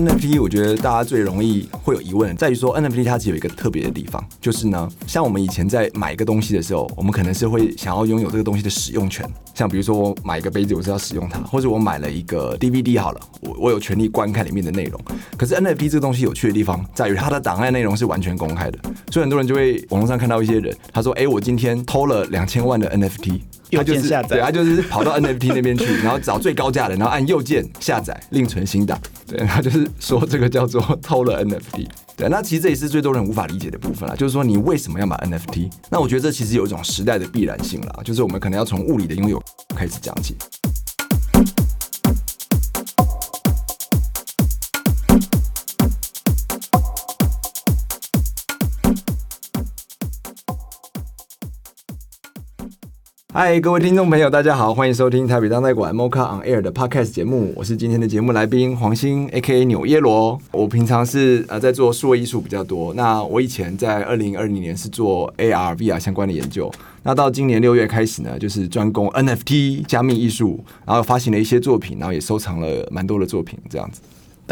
NFT，我覺得大家最容易會有疑問，在於說 NFT 它只有一個特別的地方，就是呢，像我們以前在買一個東西的時候，我們可能是會想要擁有這個東西的使用權，像比如說我買一個杯子，我是要使用它，或者我買了一個 DVD 好了，我我有權利觀看裡面的內容。可是 NFT 這個東西有趣的地方，在於它的檔案內容是完全公開的，所以很多人就會網絡上看到一些人，他說：“哎，我今天偷了兩千萬的 NFT。”他就是對，他就是跑到 NFT 那邊去，然後找最高價的，然後按右鍵下載，另存新檔。對，他就是說這個叫做偷了 NFT。對，那其實這也是最多人無法理解的部分了，就是說你為什麼要買 NFT？那我覺得這其實有一種時代的必然性了，就是我們可能要從物理的擁有開始講起。嗨，Hi, 各位聽眾朋友，大家好，歡迎收聽台北當代館 MoCA on Air 的 Podcast 節目。我是今天的節目來賓黃新，A. K. A. 紐耶羅。我平常是呃在做數位藝術比較多。那我以前在二零二零年是做 A. R. V. R 相關的研究。那到今年六月開始呢，就是專攻 N. F. T. 加密藝術，然後發行了一些作品，然後也收藏了蠻多的作品，這樣子。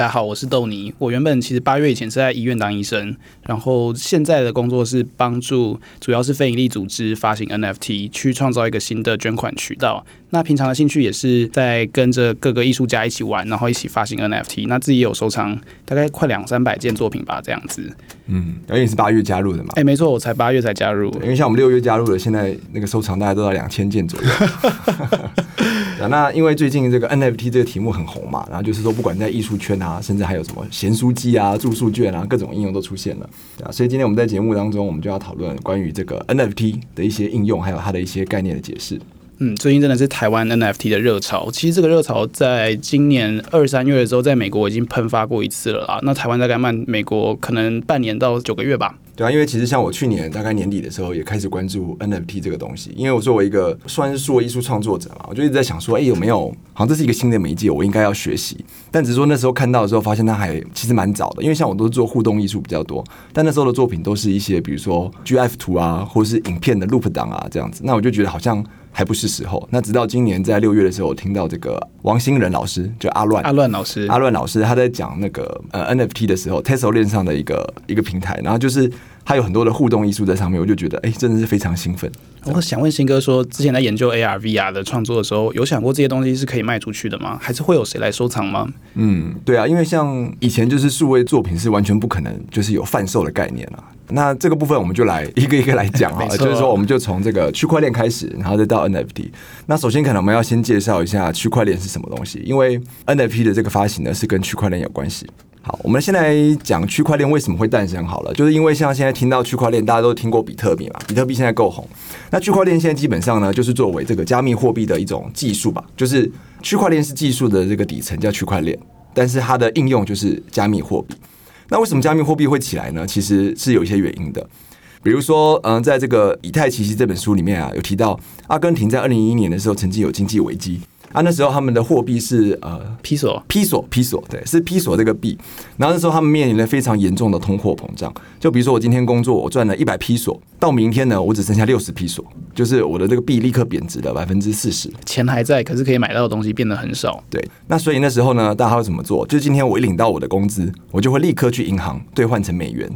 大家好，我是豆泥。我原本其實八月以前是在醫院當醫生，然後現在的工作是幫助主要是非營利組織發行 NFT，去創造一個新的捐款渠道。那平常的興趣也是在跟着各個藝術家一起玩，然後一起發行 NFT。那自己也有收藏，大概快兩三百件作品吧，這樣子。嗯，因為你是八月加入的嘛？哎，欸、沒錯，我才八月才加入。因為像我們六月加入的，現在那個收藏大概都在兩千件左右、 啊。那因為最近這個 NFT 這個題目很紅嘛，然後就是說不管在藝術圈啊。啊，甚至還有什麼閒書記啊、住宿券啊，各種應用都出現了啊。所以今天我們在節目當中，我們就要討論關於這個 NFT 的一些應用，還有它的一些概念的解釋。嗯，最近真的是台灣 NFT 的熱潮。其實這個熱潮在今年二三月的時候，在美國已經噴發過一次了啊。那台灣大概慢美國可能半年到九個月吧。對啊，因為其實像我去年大概年底的時候，也開始關注 NFT 這個東西。因為我作為一個算是說藝術創作者嘛，我就一直在想說，哎、欸，有沒有好像這是一個新的媒介，我應該要學習。但只是說那時候看到的時候，發現它還其實蠻早的。因為像我都是做互動藝術比較多，但那時候的作品都是一些比如說 GIF 圖啊，或者是影片的 loop 檔啊這樣子。那我就覺得好像還不是時候。那直到今年在六月的時候，我聽到這個王新仁老師，就阿亂阿亂老師阿亂老師，阿亂老師他在講那個呃 NFT 的時候，Tezos 鏈上的一個一個平台，然後就是。它有很多的互動藝術在上面，我就覺得哎、欸，真的是非常興奮，哦。我想問新哥說，之前在研究 AR、VR 的創作的時候，有想過這些東西是可以賣出去的嗎？還是會有誰來收藏嗎？嗯，對啊，因為像以前就是數位作品是完全不可能就是有販售的概念啊。那這個部分我們就來一個一個來講 啊，就是說我們就從這個區塊鏈開始，然後再到 NFT。那首先可能我們要先介紹一下區塊鏈是什麼東西，因為 NFT 的這個發行呢是跟區塊鏈有關係。好，我們先來講區塊鏈為什麼會誕生好了，就是因為像現在聽到區塊鏈，大家都聽過比特幣嘛，比特幣現在夠紅。那區塊鏈現在基本上呢，就是作為這個加密貨幣的一種技術吧，就是區塊鏈是技術的這個底層叫區塊鏈，但是它的應用就是加密貨幣。那為什麼加密貨幣會起來呢？其實是有一些原因的，比如說，嗯，在這個《以太奇襲》這本書裡面啊，有提到阿根廷在二零一一年的時候曾經有經濟危機。啊，那時候他們的貨幣是呃，披索，披索，披索，對，是披索這個幣。然後那時候他們面臨了非常嚴重的通貨膨脹，就比如說我今天工作我賺了一百披索，到明天呢，我只剩下六十披索，就是我的這個幣立刻貶值了百分之四十。錢還在，可是可以買到的東西變得很少。對，那所以那時候呢，大家會怎麼做？就今天我一領到我的工資，我就會立刻去銀行兌換成美元，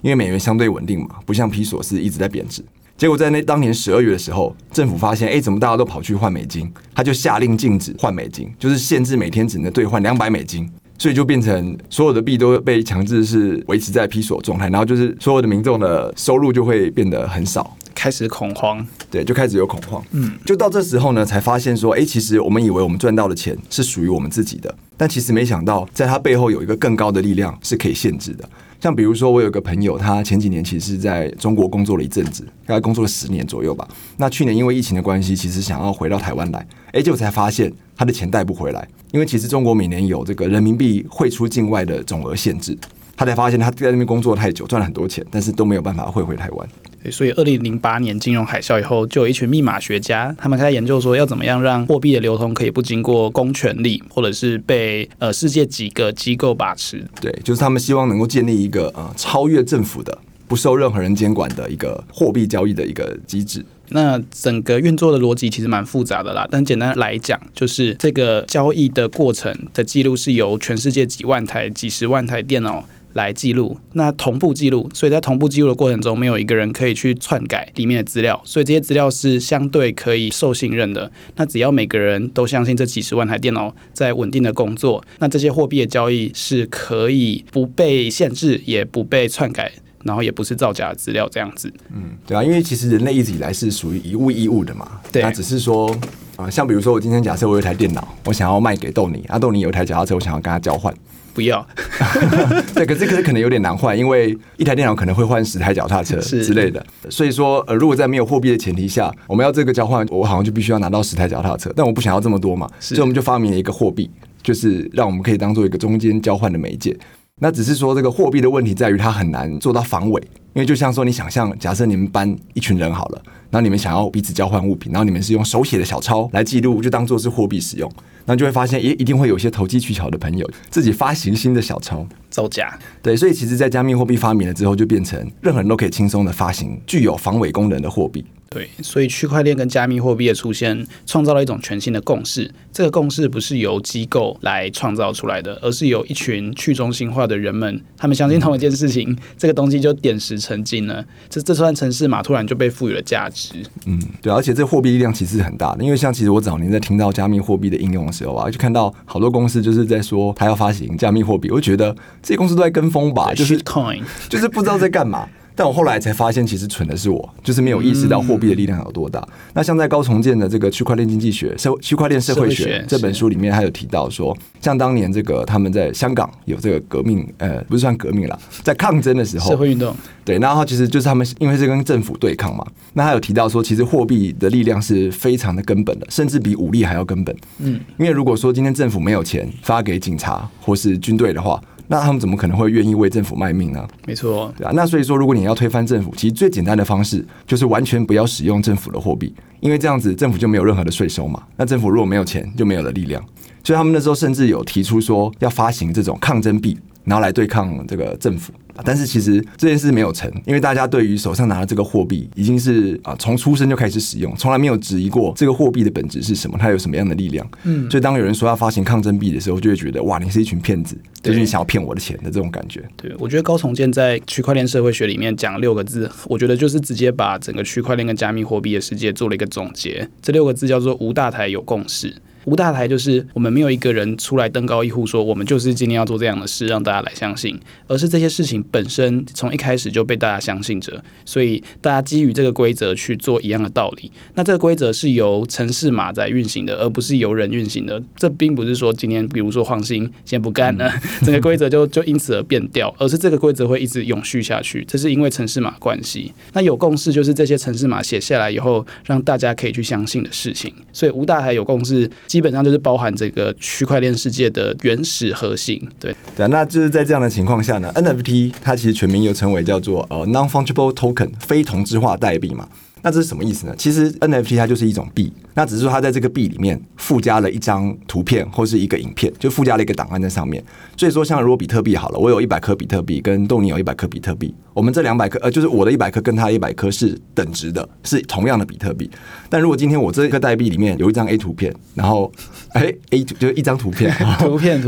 因為美元相對穩定嘛，不像披索是一直在貶值。結果在那當年十二月的時候，政府發現，哎，怎麼大家都跑去換美金？他就下令禁止換美金，就是限制每天只能兌換兩百美金，所以就變成所有的幣都被強制是維持在披索狀態，然後就是所有的民眾的收入就會變得很少。開始恐慌，對，就開始有恐慌。嗯，就到這時候呢，才發現說，哎，其實我們以為我們賺到的錢是屬於我們自己的，但其實沒想到，在他背後有一個更高的力量是可以限制的。像比如說，我有個朋友，他前幾年其實在中國工作了一陣子，大概工作了十年左右吧。那去年因為疫情的關係，其實想要回到台灣來，哎，結果才發現他的錢帶不回來，因為其實中國每年有這個人民幣匯出境外的總額限制。他才發現他在那邊工作太久，賺了很多錢，但是都沒有辦法匯回台灣。所以，二零零八年金融海嘯以後，就有一群密碼學家，他們開始研究說，要怎麼樣讓貨幣的流通可以不經過公權力，或者是被呃世界幾個機構把持。對，就是他們希望能夠建立一個呃超越政府的、不受任何人監管的一個貨幣交易的一個機制。那整個運作的邏輯其實蠻複雜的啦，但簡單來講，就是這個交易的過程的記錄是由全世界幾萬台、幾十萬台電腦，來記錄，那同步記錄，所以在同步記錄的過程中，沒有一個人可以去篡改裡面的資料，所以這些資料是相對可以受信任的。那只要每個人都相信這幾十萬台電腦在穩定的工作，那這些貨幣的交易是可以不被限制，也不被篡改，然後也不是造假的資料這樣子。嗯，對啊，因為其實人類一直以來是屬於以物易物的嘛，那對只是說。啊，像比如說，我今天假設我有一台電腦，我想要賣給豆泥。啊，豆泥有一台腳踏車，我想要跟他交換，不要。 對，可是可是可能有點難換，因為一台電腦可能會換十台腳踏車之類的。是所以說，呃，如果在沒有貨幣的前提下，我們要這個交換，我好像就必須要拿到十台腳踏車，但我不想要這麼多嘛，是所以我們就發明了一個貨幣，就是讓我們可以當做一個中間交換的媒介。那只是說，這個貨幣的問題在於它很難做到防偽。因為就像說，你想象，假設你們班一群人好了，然後你們想要彼此交換物品，然後你們是用手寫的小鈔來記錄，就當做是貨幣使用，那就會發現也一定會有一些投機取巧的朋友自己發行新的小鈔造假。對，所以其實，在加密貨幣發明了之後，就變成任何人都可以輕鬆的發行具有防偽功能的貨幣。對，所以區塊鏈跟加密貨幣的出現，創造了一種全新的共識。這個共識不是由機構來創造出來的，而是由一群去中心化的人們，他們相信同一件事情，嗯、這個東西就點石。曾經呢，這這串程式碼，突然就被賦予了價值。嗯，對啊，而且這貨幣力量其實很大的，因為像其實我早年在聽到加密貨幣的應用的時候啊，就看到好多公司就是在說他要發行加密貨幣，我就覺得這些公司都在跟風吧，對就是 Shit point. 就是不知道在幹嘛。 但我後來才發現，其實蠢的是我，就是沒有意識到貨幣的力量有多大。嗯、那像在高重建的這個《區塊鏈經濟學》社會、《區塊鏈社會學》社會學這本書裡面，他有提到說，像當年這個他們在香港有這個革命，呃，不是算革命啦，在抗爭的時候，社會運動，對，那他其實就是他們因為是跟政府對抗嘛，那他有提到說，其實貨幣的力量是非常的根本的，甚至比武力還要根本。嗯，因為如果說今天政府沒有錢發給警察或是軍隊的話。那他們怎麼可能會願意為政府賣命呢？沒錯，對啊。那所以說，如果你要推翻政府，其實最簡單的方式就是完全不要使用政府的貨幣，因為這樣子政府就沒有任何的稅收嘛。那政府如果沒有錢，就沒有了力量。所以他們那時候甚至有提出說，要發行這種抗爭幣，然後來對抗這個政府。但是其實這件事沒有成，因為大家對於手上拿的這個貨幣已經是啊從出生就開始使用，從來沒有質疑過這個貨幣的本質是什麼，它有什麼樣的力量。嗯，所以當有人說要發行抗爭幣的時候，就會覺得哇，你是一群騙子，就是你想要騙我的錢的這種感覺。對，對，我覺得高重建在區塊鏈社會學裡面講六個字，我覺得就是直接把整個區塊鏈跟加密貨幣的世界做了一個總結。這六個字叫做無大台有共識。無大台就是我們沒有一個人出來登高一呼說我們就是今天要做這樣的事讓大家來相信，而是這些事情本身從一開始就被大家相信着，所以大家基於這個規則去做一樣的道理。那這個規則是由程式碼在運行的，而不是由人運行的。這並不是說今天比如說黃新先不幹了，整個規則就就因此而變掉，而是這個規則會一直永續下去，這是因為程式碼關係。那有共識就是這些程式碼寫下來以後，讓大家可以去相信的事情。所以無大台有共識。基本上就是包含這個區塊鏈世界的原始核心，對對，那就是在這樣的情況下呢，NFT 它其實全名又稱為叫做呃 Non-Fungible Token 非同質化代幣嘛，那這是什麼意思呢？其實 NFT 它就是一種幣，那只是說它在這個幣裡面附加了一張圖片或是一個影片，就附加了一個檔案在上面。所以說，像如果比特幣好了，我有一百顆比特幣，跟豆泥有一百顆比特幣。我們這兩百顆，呃，就是我的一百顆跟他一百顆是等值的，是同樣的比特幣。但如果今天我這顆代幣裡面有一張 A 圖片，然後哎、欸、A 就一張圖片，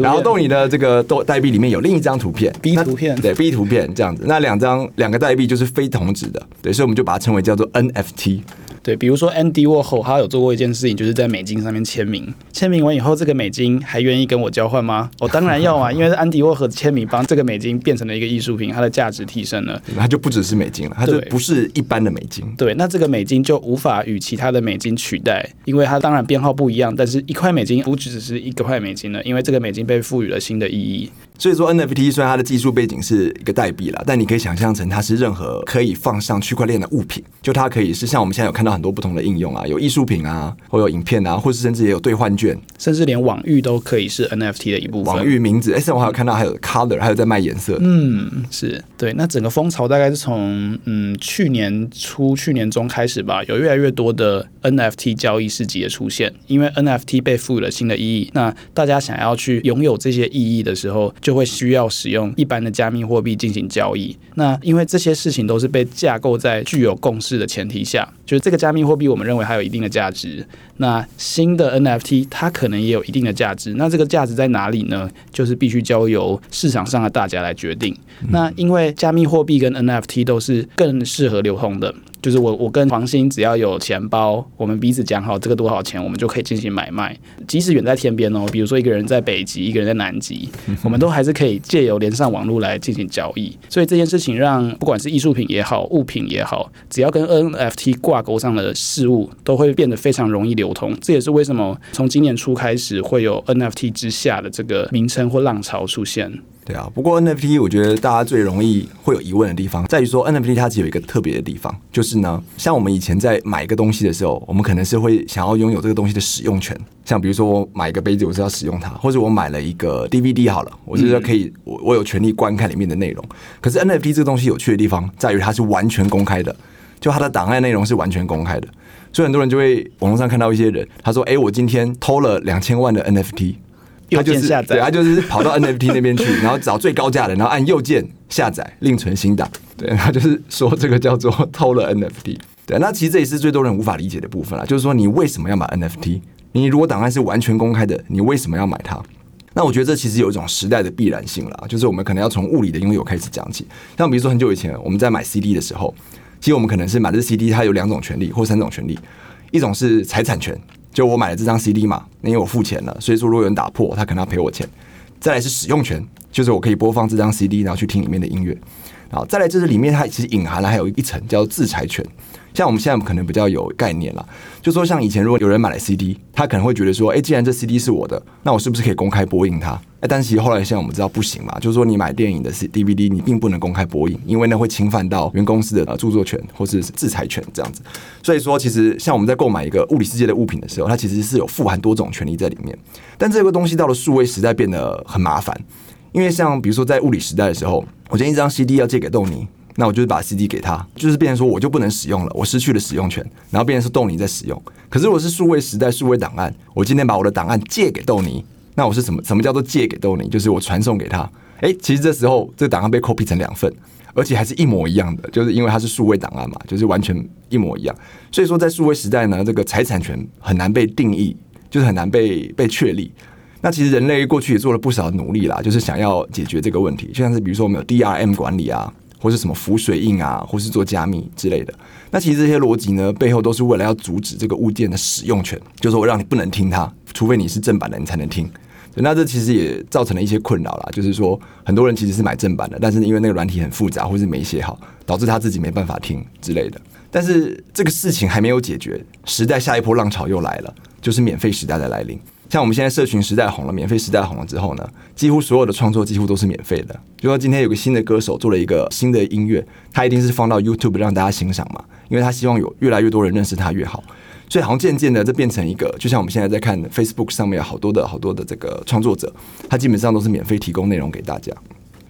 然後豆你的這個代幣裡面有另一張圖片 B 圖片，B 圖片，對 B 圖片這樣子，那兩張兩個代幣就是非同值的，對，所以我們就把它稱為叫做 NFT。對，比如說安迪沃霍爾，他有做過一件事情，就是在美金上面簽名。簽名完以後，這個美金還願意跟我交換嗎？我、哦、當然要啊，因為安迪沃霍爾簽名，幫這個美金變成了一個藝術品，它的價值提升了，它就不只是美金了，它就不是一般的美金。對，那這個美金就無法與其他的美金取代，因為它當然編號不一樣，但是一塊美金不只是一塊美金了，因為這個美金被賦予了新的意義。所以說 NFT 雖然它的技術背景是一個代幣啦，但你可以想象成它是任何可以放上區塊鏈的物品。就它可以是像我們現在有看到很多不同的應用啊，有藝術品啊，或有影片啊，或是甚至也有兌換券，甚至連網域都可以是 NFT 的一部分。網域名字，哎、欸，雖然我還有看到還有 Color，還有在賣顏色。嗯，是對。那整個風潮大概是從嗯去年初、去年中開始吧，有越來越多的 NFT 交易市集的出現，因為 NFT 被賦予了新的意義。那大家想要去擁有這些意義的時候，就就會需要使用一般的加密貨幣進行交易。那因為這些事情都是被架構在具有共識的前提下。就這個加密貨幣，我們認為它有一定的價值。那新的 NFT 它可能也有一定的價值。那這個價值在哪裡呢？就是必須交由市場上的大家來決定。那因為加密貨幣跟 NFT 都是更適合流通的，就是我我跟黃新只要有錢包，我們彼此講好這個多少錢，我們就可以進行買賣。即使遠在天邊哦、喔，比如說一個人在北極，一個人在南極，我們都還是可以借由連上網路來進行交易。所以這件事情讓不管是藝術品也好，物品也好，只要跟 NFT 掛。鈎上的事物都會變得非常容易流通，這也是為什麼從今年初開始會有 NFT 之下的這個名稱或浪潮出現。對啊，不過 NFT 我覺得大家最容易會有疑問的地方在於說 NFT 它其實有一個特別的地方，就是呢，像我們以前在買一個東西的時候，我們可能是會想要擁有這個東西的使用權，像比如說我買一個杯子，我是要使用它，或者我買了一個 DVD 好了，我是要可以我我有權利觀看裡面的內容。可是 NFT 這個東西有趣的地方在於它是完全公開的。就他的檔案內容是完全公開的，所以很多人就會網絡上看到一些人，他說：“哎，我今天偷了兩千萬的 NFT。”他就是對，他就是跑到 NFT 那邊去，然後找最高價的，然後按右鍵下載，另存新檔。對，他就是說這個叫做偷了 NFT。對，那其實這也是最多人無法理解的部分啊。就是說你為什麼要買 NFT？你如果檔案是完全公開的，你為什麼要買它？那我覺得這其實有一種時代的必然性了，就是我們可能要從物理的擁有開始講起。像比如說很久以前我們在買 CD 的時候。其實我們可能是買這 CD，它有兩種權利或三種權利。一種是財產權，就我買了這張 CD 嘛，那因為我付錢了，所以說如果有人打破，他可能要賠我錢。再來是使用權，就是我可以播放這張 CD，然後去聽裡面的音樂。好，再來就是裡面它其實隱含了還有一層叫智財權。像我們現在可能比較有概念啦，就說像以前如果有人買了 CD，他可能會覺得說，誒、欸，既然這 CD 是我的，那我是不是可以公開播映它？但是其實後來像我們知道不行嘛，就是說你買電影的 CD、DVD，你並不能公開播映，因為呢會侵犯到原公司的呃著作權或是智財權這樣子。所以說，其實像我們在購買一個物理世界的物品的時候，它其實是有富含多種權利在裡面。但這個東西到了數位時代變得很麻煩，因為像比如說在物理時代的時候，我今天一張 CD 要借給豆泥，那我就是把 CD 給他，就是變成說我就不能使用了，我失去了使用權，然後變成是豆泥在使用。可是我是數位時代數位檔案，我今天把我的檔案借給豆泥。那我是什麼什麼叫做借給豆泥？就是我傳送給他。誒、欸，其實這時候這個檔案被 copy 成兩份，而且還是一模一樣的，就是因為它是數位檔案嘛，就是完全一模一樣。所以說在數位時代呢，這個財產權很難被定義，就是很難被被確立。那其實人類過去也做了不少努力啦，就是想要解決這個問題。就像是比如說我們有 DRM 管理啊，或是什麼浮水印啊，或是做加密之類的。那其實這些邏輯呢，背後都是為了要阻止這個物件的使用權，就是我讓你不能聽它，除非你是正版的，你才能聽。那這其實也造成了一些困擾啦，就是說很多人其實是買正版的，但是因為那個軟體很複雜或是沒寫好，導致他自己沒辦法聽之類的。但是這個事情還沒有解決，時代下一波浪潮又來了，就是免費時代的來臨。像我們現在社群時代紅了，免費時代紅了之後呢，幾乎所有的創作幾乎都是免費的。比如說今天有個新的歌手做了一個新的音樂，他一定是放到 YouTube 讓大家欣賞嘛，因為他希望有越來越多人認識他越好。所以好像漸漸的，這變成一個，就像我們現在在看 Facebook 上面有好多的好多的這個創作者，他基本上都是免費提供內容給大家。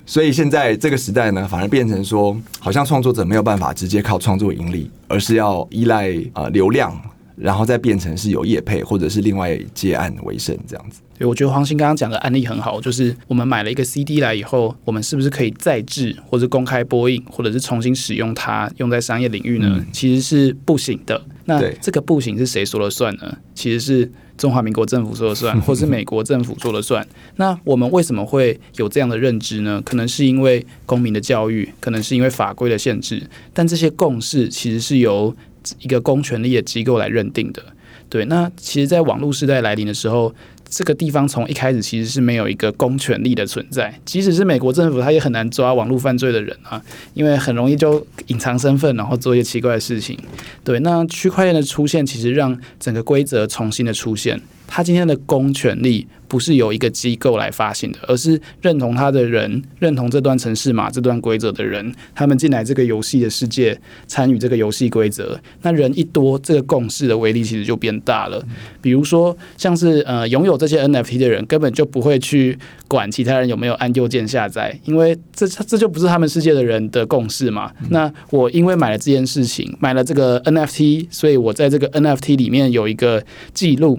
所以現在這個時代呢，反而變成說，好像創作者沒有辦法直接靠創作盈利，而是要依賴啊、呃、流量，然後再變成是有業配或者是另外接案為生這樣子。對，我覺得黃新剛剛講的案例很好，就是我們買了一個 CD 來以後，我們是不是可以再製，或者公開播映，或者是重新使用它用在商業領域呢？嗯、其實是不行的。那這個不行是誰說了算呢？對 其實是中華民國政府說了算，或是美國政府說了算。 那我們為什麼會有這樣的認知呢？可能是因為公民的教育，可能是因為法規的限制，但這些共識其實是由一個公權力的機構來認定的。對，那其實，在網絡時代來臨的時候。這個地方從一開始其實是沒有一個公權力的存在，即使是美國政府，他也很難抓網絡犯罪的人啊，因為很容易就隱藏身份，然後做一些奇怪的事情。對，那區塊鏈的出現，其實讓整個規則重新的出現。他今天的公權力不是由一個機構來發行的，而是認同他的人，認同這段程式碼、這段規則的人，他們進來這個遊戲的世界，參與這個遊戲規則。那人一多，這個共識的威力其實就變大了。嗯、比如說，像是呃，擁有這些 NFT 的人根本就不會去管其他人有沒有按右鍵下載，因為這這就不是他們世界的人的共識嘛。嗯、那我因為買了這件事情，買了這個 NFT，所以我在這個 NFT 裡面有一個記錄。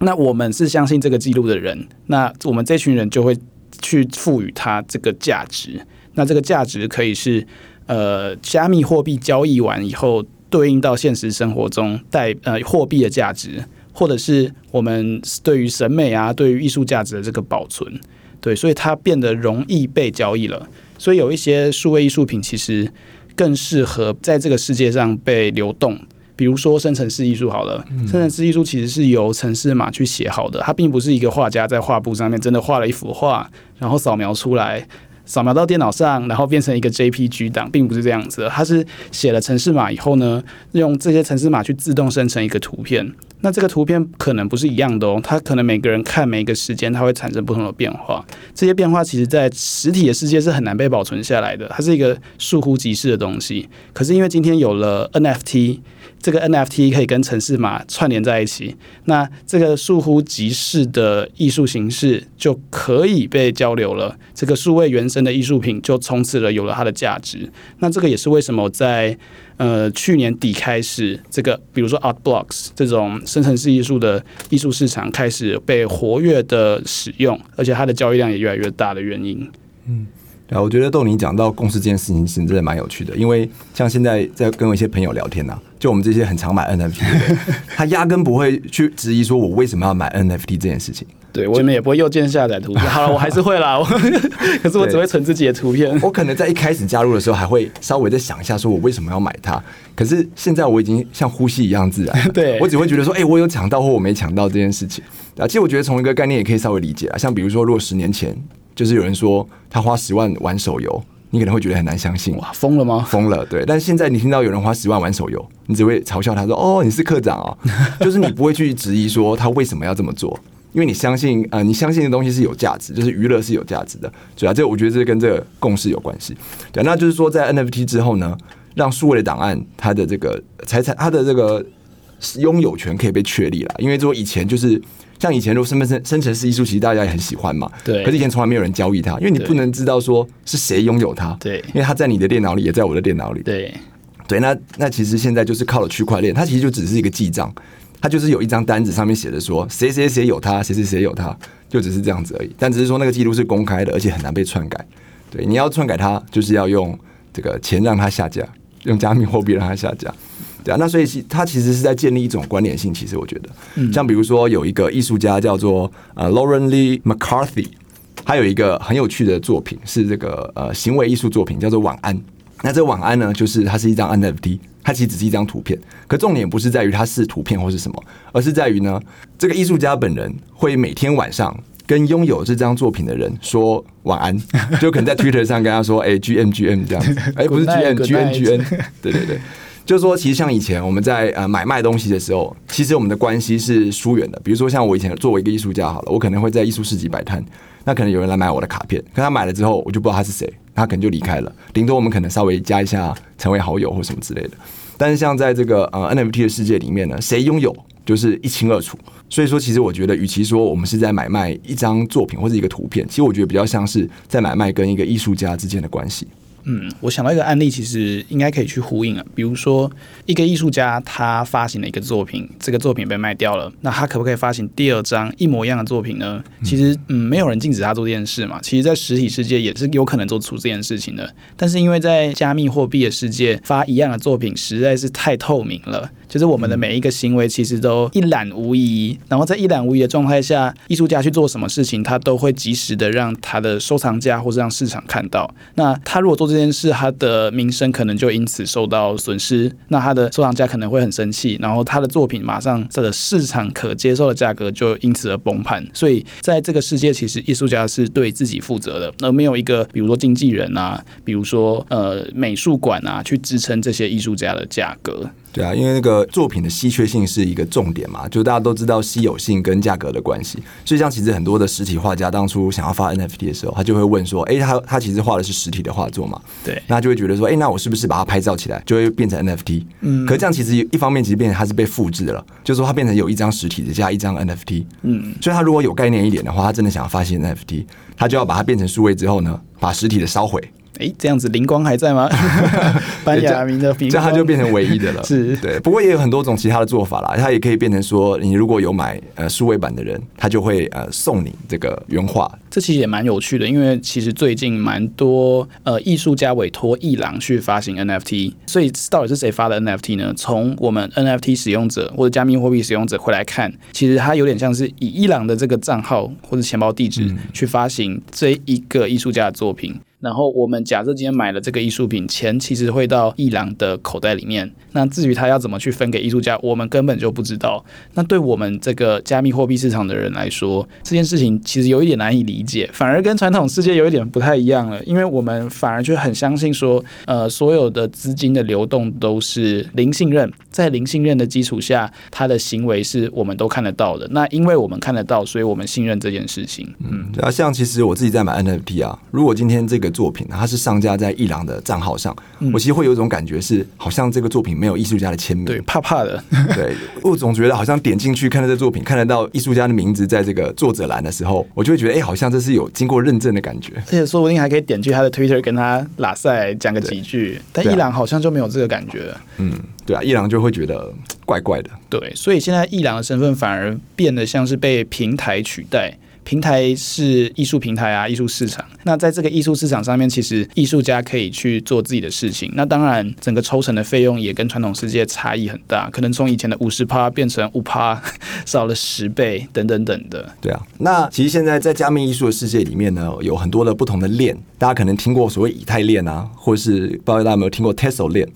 那我們是相信這個記錄的人，那我們這群人就會去賦予它這個價值。那這個價值可以是，呃，加密貨幣交易完以後對應到現實生活中帶呃貨幣的價值，或者是我們對於審美啊、對於藝術價值的這個保存，對，所以它變得容易被交易了。所以有一些數位藝術品其實更適合在這個世界上被流動。比如說生成式藝術好了，生成、嗯、式藝術其實是由程式碼去寫好的，它並不是一個畫家在畫布上面真的畫了一幅畫，然後掃描出來，掃描到電腦上，然後變成一個 JPG 檔，並不是這樣子的。它是寫了程式碼以後呢，用這些程式碼去自動生成一個圖片。那這個圖片可能不是一樣的，哦，它可能每個人看每一個時間，它會產生不同的變化。這些變化其實在實體的世界是很難被保存下來的，它是一個倏忽即逝的東西。可是因為今天有了 NFT。這個 NFT 可以跟程式碼串聯在一起，那這個瞬忽即逝的藝術形式就可以被交流了。這個數位原生的藝術品就從此了有了它的價值。那這個也是為什麼在呃去年底開始，這個比如說 Art Blocks 這種生成式藝術的藝術市場開始被活躍的使用，而且它的交易量也越來越大的原因。嗯。啊，我覺得豆泥講到共識這件事情，其實真的蠻有趣的，因為像現在在跟我一些朋友聊天吶、啊，就我們這些很常買 NFT， 他壓根不會去質疑說我為什麼要買 NFT 這件事情。對，就我們也不會右鍵下載圖片。 好了，我還是會啦我，可是我只會存自己的圖片。我可能在一開始加入的時候，還會稍微再想一下，說我為什麼要買它？可是現在我已經像呼吸一樣自然。對，我只會覺得說，哎、欸，我有搶到或我沒搶到這件事情。啊，其實我覺得從一個概念也可以稍微理解啊，像比如說如果十年前。就是有人說他花十萬玩手遊，你可能會覺得很難相信哇，瘋了嗎？瘋了，對。但現在你聽到有人花十萬玩手遊，你只會嘲笑他說：“哦，你是課長啊、哦！” 就是你不會去質疑說他為什麼要這麼做，因為你相信，啊、呃，你相信的東西是有價值，就是娛樂是有價值的。主要、啊、這個、我覺得這跟這個共識有關係。對，那就是說在 NFT 之後呢，讓數位的檔案它的這個財產、它的這個擁有權可以被確立了，因為說以前就是。像以前身身，如果身份是生成式藝術，其實大家也很喜歡嘛。對。可是以前從來沒有人交易它，因為你不能知道說是誰擁有它。對。因為它在你的電腦裡，也在我的電腦裡。對。對，那那其實現在就是靠了區塊鏈。它其實就只是一個記賬，它就是有一張單子，上面寫着說誰誰誰有它，誰誰誰有它，就只是這樣子而已。但只是說那個記錄是公開的，而且很難被篡改。對，你要篡改它，就是要用這個錢讓它下架，用加密貨幣讓它下架。對啊，那所以他其實是在建立一種關聯性。其實我覺得，像比如說有一個藝術家叫做呃 Lauren Lee McCarthy，他有一個很有趣的作品是這個呃行為藝術作品，叫做《晚安》。那這個《晚安》呢，就是它是一張 NFT，它其實只是一張圖片。可重點不是在於它是圖片或是什麼，而是在於呢，這個藝術家本人會每天晚上跟擁有這張作品的人說晚安，就可能在 Twitter 上跟他說：“哎、 欸、，G M G M 這樣，哎、欸，不是 G M G M G M，對對對。就是說，其實像以前我們在呃買賣東西的時候，其實我們的關係是疏遠的。比如說，像我以前作為一個藝術家好了，我可能會在藝術市集擺攤，那可能有人來買我的卡片，可他買了之後，我就不知道他是誰，他可能就離開了。頂多我們可能稍微加一下成為好友或什麼之類的。但是像在這個呃 NFT 的世界裡面呢，誰擁有就是一清二楚。所以說，其實我覺得，與其說我們是在買賣一張作品或是一個圖片，其實我覺得比較像是在買賣跟一個藝術家之間的關係。嗯，我想到一個案例，其實應該可以去呼應啊。比如說，一個藝術家他發行了一個作品，這個作品被賣掉了，那他可不可以發行第二張一模一樣的作品呢？其實，嗯，沒有人禁止他做這件事嘛。其實，在實體世界也是有可能做出這件事情的。但是，因為在加密貨幣的世界，發一樣的作品實在是太透明了，就是我們的每一個行為其實都一覽無遺。然後，在一覽無遺的狀態下，藝術家去做什麼事情，他都會及時的讓他的收藏家或是讓市場看到。那他如果做、這個這件事，他的名聲可能就因此受到損失，那他的收藏家可能會很生氣，然後他的作品馬上他的市場可接受的價格就因此而崩盤。所以在這個世界，其實藝術家是對自己負責的，而沒有一個比如說經紀人吶、啊、比如說呃美術館啊，去支撐這些藝術家的價格。對啊，因為那個作品的稀缺性是一個重點嘛，就大家都知道稀有性跟價格的關係。所以像其實很多的實體畫家當初想要發 NFT 的時候，他就會問說：哎、欸，他他其實畫的是實體的畫作嘛？對。那就會覺得說：哎、欸，那我是不是把它拍照起來，就會變成 NFT？嗯。可是這樣其實有一方面其實變成它是被複製的了，就是說它變成有一張實體的加一張 NFT。嗯。所以他如果有概念一點的話，他真的想要發行 NFT，他就要把它變成數位之後呢，把實體的燒毀。哎，這樣子靈光還在嗎？班 雅明的明 這，這樣他就變成唯一的了。是，對。不過也有很多種其他的做法啦，他也可以變成說，你如果有買呃數位版的人，他就會呃送你這個原畫。這其實也蠻有趣的，因為其實最近蠻多呃藝術家委託藝廊去發行 NFT，所以到底是誰發的 NFT 呢？從我們 NFT 使用者或者加密貨幣使用者回來看，其實它有點像是以藝廊的這個賬號或者錢包地址、嗯、去發行這一個藝術家的作品。然後我們假設今天買了這個藝術品，錢其實會到藝廊的口袋裡面。那至於他要怎麼去分給藝術家，我們根本就不知道。那對我們這個加密貨幣市場的人來說，這件事情其實有一點難以理解，反而跟傳統世界有一點不太一樣了。因為我們反而就很相信說，呃，所有的資金的流動都是零信任，在零信任的基礎下，他的行為是我們都看得到的。那因為我們看得到，所以我們信任這件事情。嗯，然後、嗯、像其實我自己在買 NFT 啊，如果今天這個，作品，它是上架在藝廊的賬號上，嗯、我其實會有一種感覺是，是好像這個作品沒有藝術家的簽名，對，怕怕的。 對，我總覺得好像點進去看到這作品，看得到藝術家的名字，在這個作者欄的時候，我就會覺得，哎、欸，好像這是有經過認證的感覺。而且說不定還可以點進他的 Twitter 跟他喇賽講個幾句，啊、但藝廊好像就沒有這個感覺了。嗯，對啊，藝廊就會覺得怪怪的。對，所以現在藝廊的身份反而變得像是被平台取代。平台是藝術平台啊，藝術市場。那在這個藝術市場上面，其實藝術家可以去做自己的事情。那當然，整個抽成的費用也跟傳統世界差異很大，可能從以前的五十趴變成五趴， 少了十倍，等等等的。對啊，那其實現在在加密藝術的世界裡面呢，有很多的不同的鏈，大家可能聽過所謂以太鏈啊，或者是不知道大家有沒有聽過 Tezos 鏈？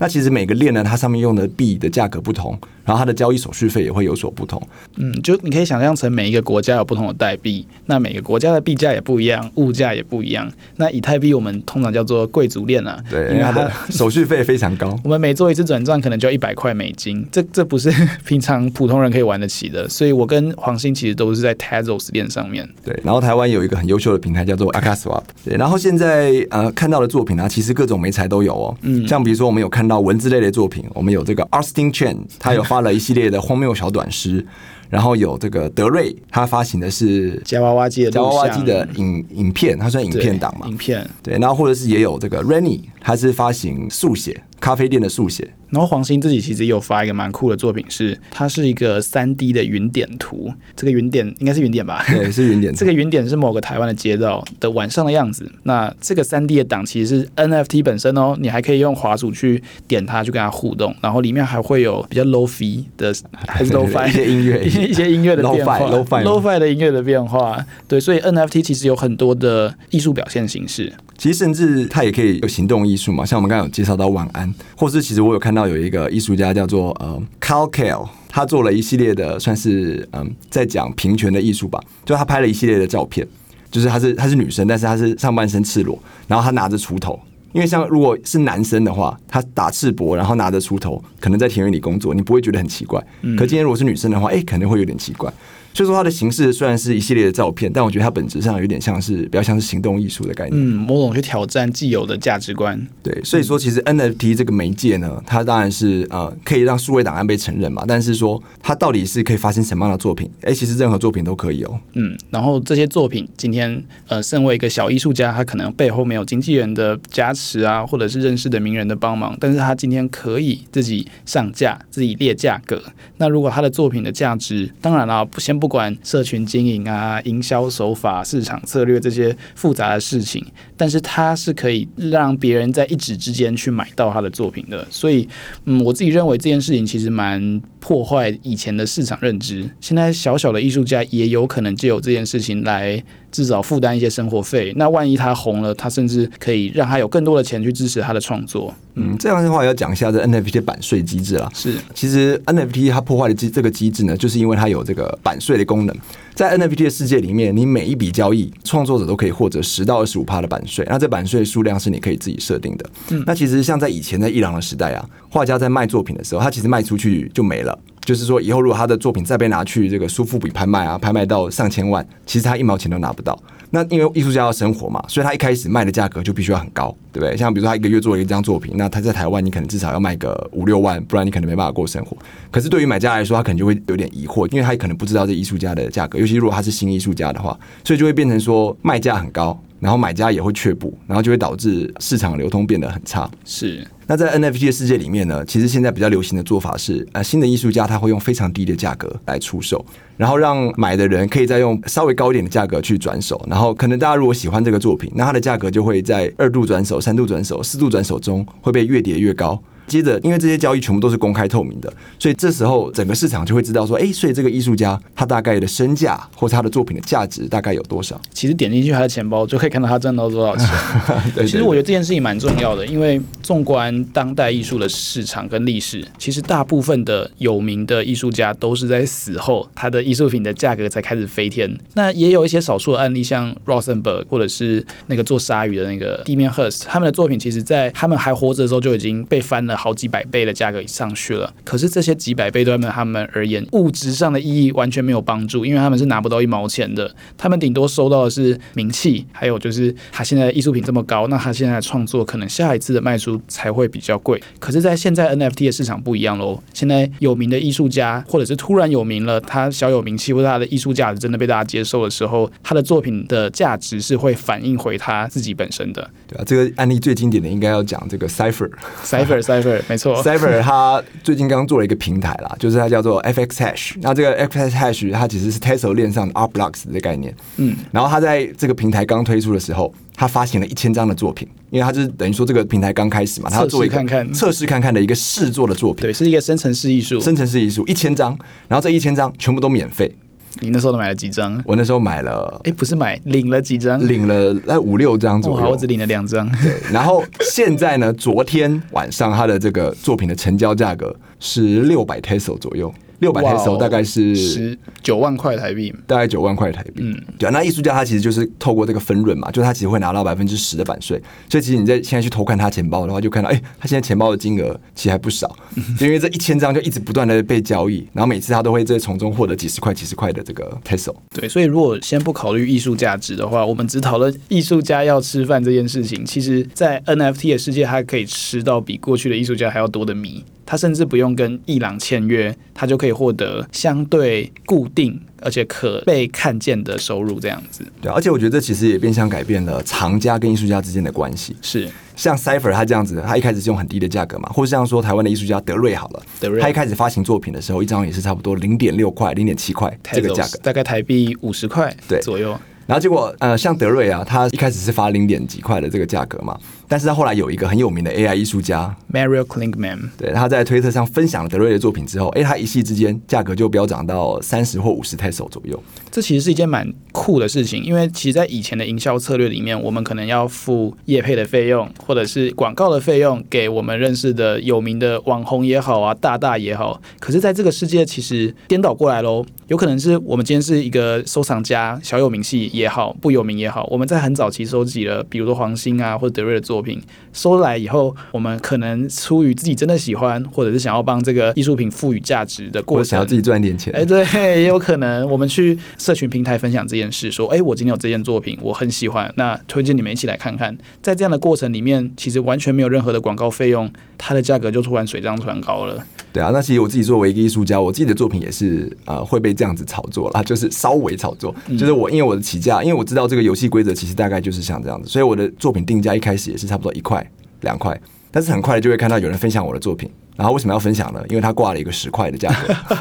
那其實每個鏈呢，它上面用的幣的價格不同，然後它的交易手續費也會有所不同。嗯，就你可以想象成每一個國家有不同的代幣，那每個國家的幣價也不一樣，物價也不一樣。那以太幣我們通常叫做貴族鏈啊，對，因為，因為它的手續費非常高。 我們每做一次轉賬可能就要一百塊美金，這這不是平常普通人可以玩得起的。所以我跟黃新其實都是在 Tezos 鏈上面。對，然後台灣有一個很優秀的平台叫做 akaSwap，對，然後現在呃看到的作品啊，其實各種媒材都有哦、喔，嗯，像比如說我們有看。那文字類的作品，我們有這個 Arstin Chen，他有發了一系列的荒謬小短詩， 然後有這個德瑞，他發行的是夾娃娃機的夾娃娃機的影影片，他算影片檔嘛？影片對，然後或者是也有這個 Rainy，他是發行速寫。咖啡店的速寫，然後黃新自己其實也有發一個蠻酷的作品，是它是一個三 D 的雲點圖，這個雲點應該是雲點吧？對，是雲點。這個雲點是某個台灣的街道的晚上的樣子。那這個三 D 的檔其實是 NFT 本身哦、喔，你還可以用滑鼠去點它，去跟它互動，然後裡面還會有比較 lo-fi 的，還是 lo-fi 一些音樂， 一些音樂的變化，lo-fi Lo-fi Lo-fi Lo-fi Lo-fi 的音樂的變化。對，所以 NFT 其實有很多的藝術表現形式。其實甚至它也可以有行動藝術嘛，像我們剛剛有介紹到晚安。或是其實我有看到有一個藝術家叫做呃、嗯、Calkiel，他做了一系列的算是嗯在講平權的藝術吧，就他拍了一系列的照片，就是他是他是女生，但是她是上半身赤裸，然後她拿着鋤頭，因為像如果是男生的話，他打赤膊然後拿着鋤頭，可能在田園裡工作，你不會覺得很奇怪。可今天如果是女生的話，哎，可能會有點奇怪。就是說它的形式雖然是一系列的照片，但我覺得它本質上有點像是比較像是行動藝術的概念，嗯，某種去挑戰既有的價值觀。對，所以說其實 NFT 這個媒介呢，它當然是呃可以讓數位檔案被承認嘛，但是說它到底是可以發生什麼樣的作品？哎、欸，其實任何作品都可以哦、喔。嗯，然後這些作品今天呃，身為一個小藝術家，他可能背後沒有經紀人的加持啊，或者是認識的名人的幫忙，但是他今天可以自己上架，自己列價格。那如果他的作品的價值，當然了、啊，不先。不管社群經營啊、營銷手法、市場策略這些複雜的事情，但是它是可以讓別人在一指之間去買到他的作品的。所以，嗯，我自己認為這件事情其實蠻破壞以前的市場認知。現在小小的藝術家也有可能借由這件事情來。至少負擔一些生活費，那萬一他紅了，他甚至可以讓他有更多的錢去支持他的創作。嗯，嗯，這樣的話要講一下這 NFT 的版稅機制啦。是，其實 NFT 它破壞的機這個機制呢，就是因為它有這個版稅的功能。在 NFT 的世界裡面，你每一筆交易，創作者都可以獲得十到二十五趴的版稅。那這版稅數量是你可以自己設定的。嗯、那其實像在以前在伊朗的時代啊，畫家在賣作品的時候，他其實賣出去就沒了。就是說，以後如果他的作品再被拿去這個蘇富比拍賣啊，拍賣到上千萬，其實他一毛錢都拿不到。那因為藝術家要生活嘛，所以他一開始賣的價格就必須要很高，對不對？像比如說他一個月做了一張作品，那他在台灣你可能至少要賣個五六萬，不然你可能沒辦法過生活。可是對於買家來說，他可能就會有點疑惑，因為他可能不知道這藝術家的價格，尤其如果他是新藝術家的話，所以就會變成說賣價很高，然後買家也會卻步，然後就會導致市場流通變得很差。是。那在 NFT 的世界裡面呢，其實現在比較流行的做法是，呃，新的藝術家他會用非常低的價格來出售，然後讓買的人可以再用稍微高一點的價格去轉手，然後可能大家如果喜歡這個作品，那它的價格就會在二度轉手、三度轉手、四度轉手中會被越疊越高。接着，因為這些交易全部都是公開透明的，所以這時候整個市場就會知道說，哎、欸，所以這個藝術家他大概的身價，或是他的作品的價值大概有多少？其實點進去他的錢包就可以看到他賺到多少錢。 對對對，其實我覺得這件事情蠻重要的，因為縱觀當代藝術的市場跟歷史，其實大部分的有名的藝術家都是在死後他的藝術品的價格才開始飛天。那也有一些少數的案例，像 Rauschenberg 或者是那個做鯊魚的那個 Damien Hirst，他們的作品其實在他們還活着的時候就已經被翻了。好幾百倍的價格已上去了，可是這些幾百倍對他們他們而言，物質上的意義完全沒有幫助，因為他們是拿不到一毛錢的，他們頂多收到的是名氣，還有就是他現在藝術品這麼高，那他現在創作可能下一次的賣出才會比較貴。可是，在現在 NFT 的市場不一樣嘍，現在有名的藝術家或者是突然有名了，他小有名氣或者他的藝術價值真的被大家接受的時候，他的作品的價值是會反映回他自己本身的。對啊，這個案例最經典的應該要講這個 Ciphrd、Ciphrd Ciphrd 對，Cyber, 沒錯。Ciphrd 他最近剛做了一個平台啦，就是它，叫做 FX Hash。那這個 FX Hash 它其實是 Tezos 鏈上的 Art Blocks 的概念。嗯，然後他在這個平台剛推出的時候，他發行了一千張的作品，因為他是等於說這個平台剛開始嘛，要做一個測試看看，測試看看的一個試作的作品，嗯、對，是一個生成式藝術，生成式藝術一千張，然後這一千張全部都免費。你那時候都買了幾張？我那時候買了，誒、欸，不是買，領了幾張，領了那五六張左右，哦。我只領了兩張。對，然後現在呢？ 昨天晚上他的這個作品的成交價格是六百泰索左右。六百泰索大概是十九萬塊台幣，大概九萬塊台幣。嗯，對啊，那藝術家他其實就是透過這個分潤嘛，就他其實會拿到百分之十的版稅。所以其實你在現在去偷看他錢包的話，就看到，哎、欸，他現在錢包的金額其實還不少，嗯、因為這一千張就一直不斷的被交易，然後每次他都會在從中獲得幾十塊、幾十塊的這個泰索。對，所以如果先不考慮藝術價值的話，我們只討論藝術家要吃飯這件事情，其實在 NFT 的世界，他可以吃到比過去的藝術家還要多的米，他甚至不用跟藝廊簽約，他就可以。獲得相對固定而且可被看見的收入，這樣子。對啊，而且我覺得這其實也變相改變了藏家跟藝術家之間的關係。是，像 Ciphrd 他這樣子，他一開始是用很低的價格嘛，或是像說，台灣的藝術家德瑞好了，德瑞他一開始發行作品的時候，一張也是差不多零點六塊、零點七塊這個價格，大概台幣五十塊，對左右。然後結果，呃，像德瑞啊，他一開始是發零點幾塊的這個價格嘛，但是他後來有一個很有名的 AI 藝術家 Mario Klingemann，對，他在推特上分享了德瑞的作品之後，誒，他一夕之間價格就飆漲到三十或五十泰銖左右。這其實是一件蠻酷的事情，因為其實，在以前的營銷策略裡面，我們可能要付業配的費用，或者是廣告的費用，給我們認識的有名的網紅也好啊，大大也好。可是，在這個世界，其實顛倒過來嘍，有可能是我們今天是一個收藏家，小有名氣也好，不有名也好，我們在很早期收集了，比如說黃新啊，或者德叡的作品，收來以後，我們可能出於自己真的喜歡，或者是想要幫這個藝術品賦予價值的過程，我想要自己賺一點錢，誒，欸、對，也有可能我們去，社群平台分享這件事，說：“哎、欸，我今天有這件作品，我很喜歡，那推薦你們一起來看看。”在這樣的過程裡面，其實完全沒有任何的廣告費用，它的價格就突然水漲船高了。對啊，那其實我自己作為一個藝術家，我自己的作品也是啊、呃、會被這樣子炒作啦，就是稍微炒作，嗯、就是我因為我的起價，因為我知道這個遊戲規則，其實大概就是像這樣子，所以我的作品定價一開始也是差不多一塊兩塊。但是很快就會看到有人分享我的作品，然後為什麼要分享呢？因為他掛了一個十塊的價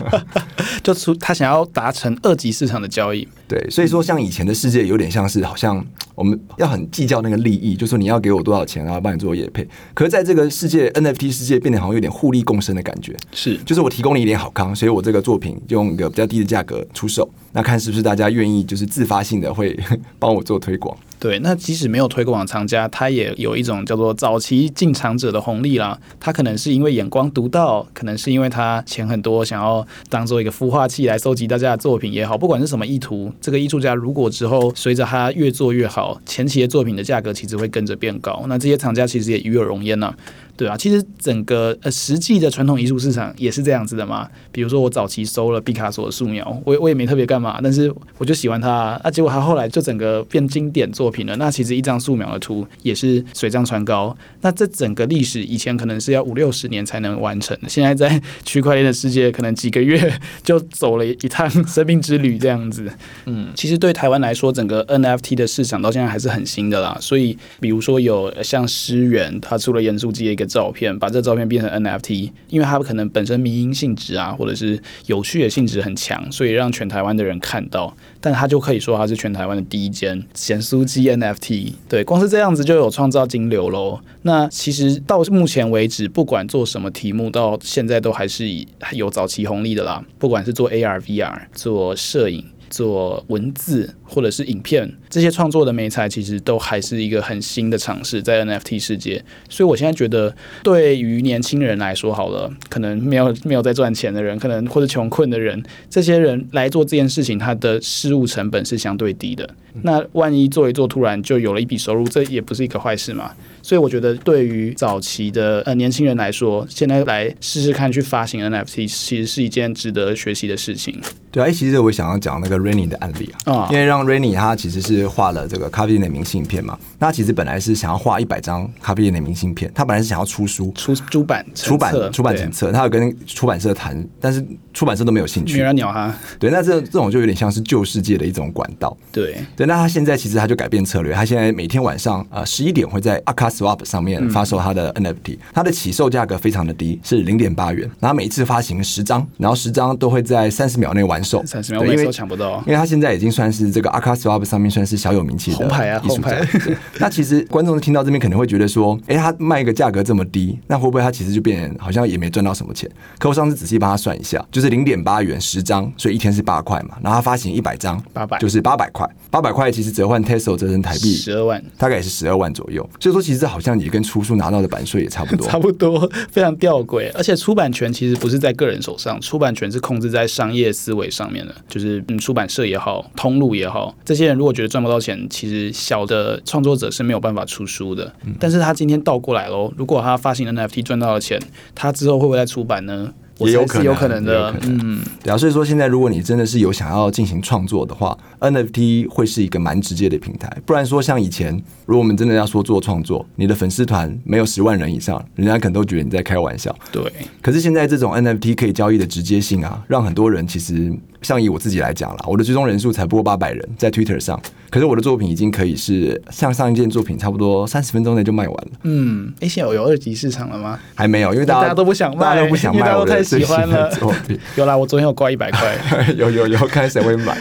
格， 就出他想要達成二級市場的交易。對，所以說像以前的世界有點像是好像我們要很計較那個利益，就是說你要給我多少錢，然後幫你做業配。可是在這個世界，NFT 世界變得好像有點互利共生的感覺。是，就是我提供了一點好康，所以我這個作品用一個比較低的價格出售，那看是不是大家願意就是自發性的會幫我做推廣。對，那即使沒有推廣的藏家，他也有一種叫做早期進場者的紅利啦。他可能是因為眼光獨到，可能是因為他錢很多，想要當做一個孵化器，來收集大家的作品也好，不管是什麼意圖，這個藝術家如果之後隨着他越做越好，前期的作品的價格其實會跟着變高，那這些藏家其實也與有榮焉呢、啊。對啊，其實整個呃實際的傳統藝術市場也是這樣子的嘛。比如說我早期收了畢卡索的素描，我也我也沒特別幹嘛，但是我就喜歡他啊，啊結果它後來就整個變經典作品了。那其實一張素描的圖也是水漲船高。那這整個歷史以前可能是要五六十年才能完成，現在在區塊鏈的世界，可能幾個月就走了一趟生命之旅這樣子。 嗯，其實對台灣來說，整個 NFT 的市場到現在還是很新的啦。所以比如說有像詩源，他出了元素機的一個。照片把這照片變成 NFT，因為它可能本身迷因性質啊，或者是有趣的性質很強，所以讓全台灣的人看到，但他就可以說他是全台灣的第一間鹹酥雞 NFT。對，光是這樣子就有創造金流嘍。那其實到目前為止，不管做什麼題目，到現在都還是有早期紅利的啦。不管是做 ARVR，做攝影。做文字或者是影片這些創作的媒材，其實都還是一個很新的嘗試在 NFT 世界。所以我現在覺得，對於年輕人來說，好了，可能沒有沒有在賺錢的人，可能或者窮困的人，這些人來做這件事情，他的失誤成本是相對低的。那萬一做一做，突然就有了一筆收入，這也不是一個壞事嘛。所以我覺得，對於早期的呃年輕人來說，現在來試試看去發行 NFT，其實是一件值得學習的事情。對啊，其實我想要講那個 Rainy 的案例啊，哦、因為讓 Rainy 他其實是畫了這個咖啡店的明信片嘛。那他其實本來是想要畫一百張咖啡店的明信片，他本來是想要出書、出出版、出版出版成冊，對他有跟出版社談，但是出版社都沒有興趣。鳥鳥哈。對，那這這種就有點像是舊世界的一種管道。對對，那他現在其實他就改變策略，他現在每天晚上呃十一點會在阿卡斯。Swap 上面發售它的 NFT，它、嗯、的起售價格非常的低，是零點八元，然後每一次發行十張，然後十張都會在三十秒內完售，三十秒對因為搶不到、哦，因為它現在已經算是這個 akaSwap 上面算是小有名氣的紅牌啊，紅牌。對那其實觀眾聽到這邊可能會覺得說，哎、 欸，他賣一個價格這麼低，那會不會他其實就變好像也沒賺到什麼錢？可我上次仔細幫他算一下，就是零點八元十張，所以一天是八塊嘛，然後他發行一百張，八百就是八百塊，八百塊其實折換 Tezos 這折成台幣十二萬，大概也是十二萬左右。所、就、以、是、說其實。好像你跟出書拿到的版稅也差不多，差不多，非常弔詭。而且出版權其實不是在個人手上，出版權是控制在商業思維上面的。就是、嗯、出版社也好，通路也好，這些人如果覺得賺不到錢，其實小的創作者是沒有辦法出書的。嗯、但是他今天倒過來嘍，如果他發行 NFT 賺到了錢，他之後會不會再出版呢？也有可能，有可能的。嗯，對啊，所以說現在，如果你真的是有想要進行創作的話，NFT 會是一個蠻直接的平台。不然說像以前，如果我們真的要說做創作，你的粉絲團沒有十萬人以上，人家可能都覺得你在開玩笑。對，可是現在這種 NFT 可以交易的直接性啊，讓很多人其實。像以我自己來講啦，我的追蹤人數才不過八百人，在 Twitter 上，可是我的作品已經可以是像上一件作品，差不多三十分鐘內就賣完了。嗯，哎、欸，現在我有二級市場了嗎？還沒有，因為大家都不想賣，大家都不想賣，大家都想賣，因為大家都太喜歡了。有啦，我昨天有掛一百塊， 有有有，看誰會買。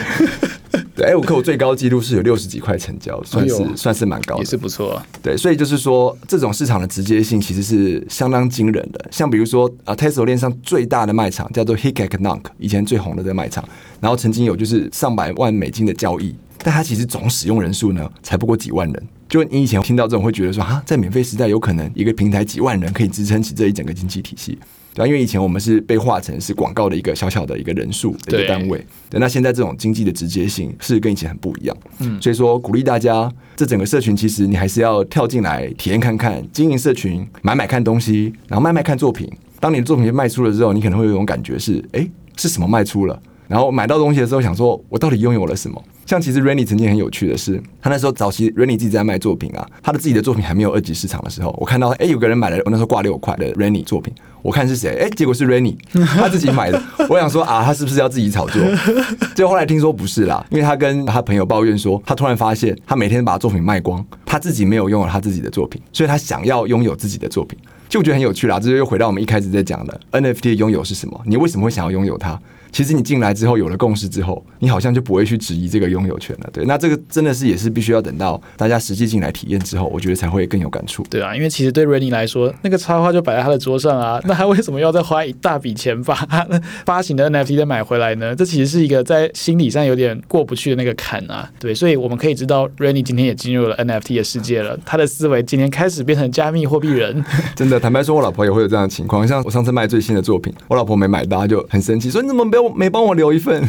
對，OK，我我最高紀錄是有六十幾塊成交，哎、呦算是算是蠻高的，也是不錯、啊。對，所以就是說，這種市場的直接性其實是相當驚人的。像比如說啊、呃、，Tezos 鏈上最大的賣場叫做 hicetnunc，以前最紅的這個賣場，然後曾經有就是上百萬美金的交易，但它其實總使用人數呢，才不過幾萬人。就你以前聽到這種會覺得說啊，在免費時代，有可能一個平台幾萬人可以支撐起這一整個經濟體系。後，因為以前我們是被劃成是廣告的一個小小的一個人數的一個單位對，那現在這種經濟的直接性是跟以前很不一樣，嗯、所以說鼓勵大家，這整個社群其實你還是要跳進來體驗看看，經營社群買買看東西，然後賣賣看作品。當你的作品賣出了之後，你可能會有一種感覺是，哎、欸，是什麼賣出了？然後買到東西的時候，想說，我到底擁有了什麼？像其實 Rainy 曾經很有趣的是，他那時候早期 Rainy 自己在賣作品啊，他的自己的作品還沒有二級市場的時候，我看到，哎，有個人買了，我那時候掛六塊的 Rainy 作品，我看是誰，哎，結果是 Rainy 他自己買的。我想說啊，他是不是要自己炒作？結果後來聽說不是啦，因為他跟他朋友抱怨說，他突然發現他每天把作品賣光，他自己沒有擁有他自己的作品，所以他想要擁有自己的作品。就覺得很有趣啦，這就又回到我們一開始在講的 NFT 的擁有是什麼？你為什麼會想要擁有它？其實你進來之後有了共識之後，你好像就不會去質疑這個擁有權了。對，那這個真的是也是必須要等到大家實際進來體驗之後，我覺得才會更有感觸。對啊，因為其實對 Rainy 來說，那個插畫就擺在他的桌上啊，那他為什麼要再花一大筆錢把他發行的 NFT 再買回來呢？這其實是一個在心理上有點過不去的那個坎啊。對，所以我們可以知道 Rainy 今天也進入了 NFT 的世界了，他的思維今天開始變成加密貨幣人， 真的。坦白說，我老婆也會有這樣的情況，像我上次賣最新的作品，我老婆沒買到，她就很生氣，說你怎麼沒有沒幫我留一份？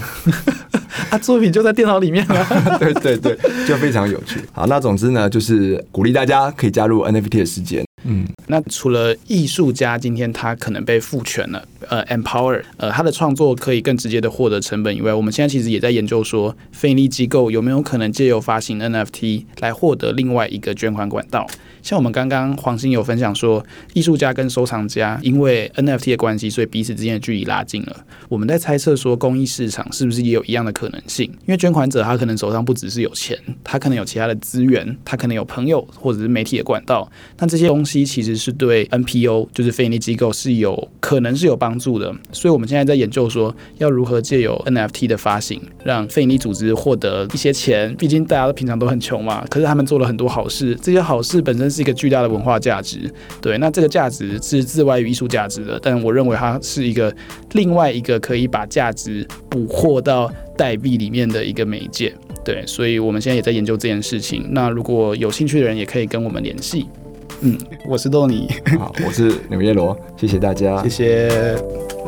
她、 啊、作品就在電腦裡面了、啊。 對對對，就非常有趣。好，那總之呢，就是鼓勵大家可以加入 NFT 的時間。嗯，那除了藝術家今天他可能被賦權了，呃，Empower，呃，他的創作可以更直接的獲得成本以外，我們現在其實也在研究說，非營利機構有沒有可能借由發行 NFT 來獲得另外一個捐款管道。像我們剛剛黃鑫有分享說，藝術家跟收藏家因為 NFT 的關係，所以彼此之間的距離拉近了。我們在猜測說，公益市場是不是也有一樣的可能性？因為捐款者他可能手上不只是有錢，他可能有其他的資源，他可能有朋友或者是媒體的管道。但這些東西其實是對 NPO 就是非營利機構是有可能是有幫助的。所以我們現在在研究說，要如何借由 NFT 的發行，讓非營利組織獲得一些錢。畢竟大家都平常都很窮嘛，可是他們做了很多好事，這些好事本身。是一個巨大的文化價值，對。那這個價值是自外於藝術價值的，但我認為它是一個另外一個可以把價值捕獲到代幣裡面的一個媒介，對。所以我們現在也在研究這件事情。那如果有興趣的人，也可以跟我們聯繫。嗯，我是豆泥，好，我是紐耶羅， 謝謝大家，謝謝。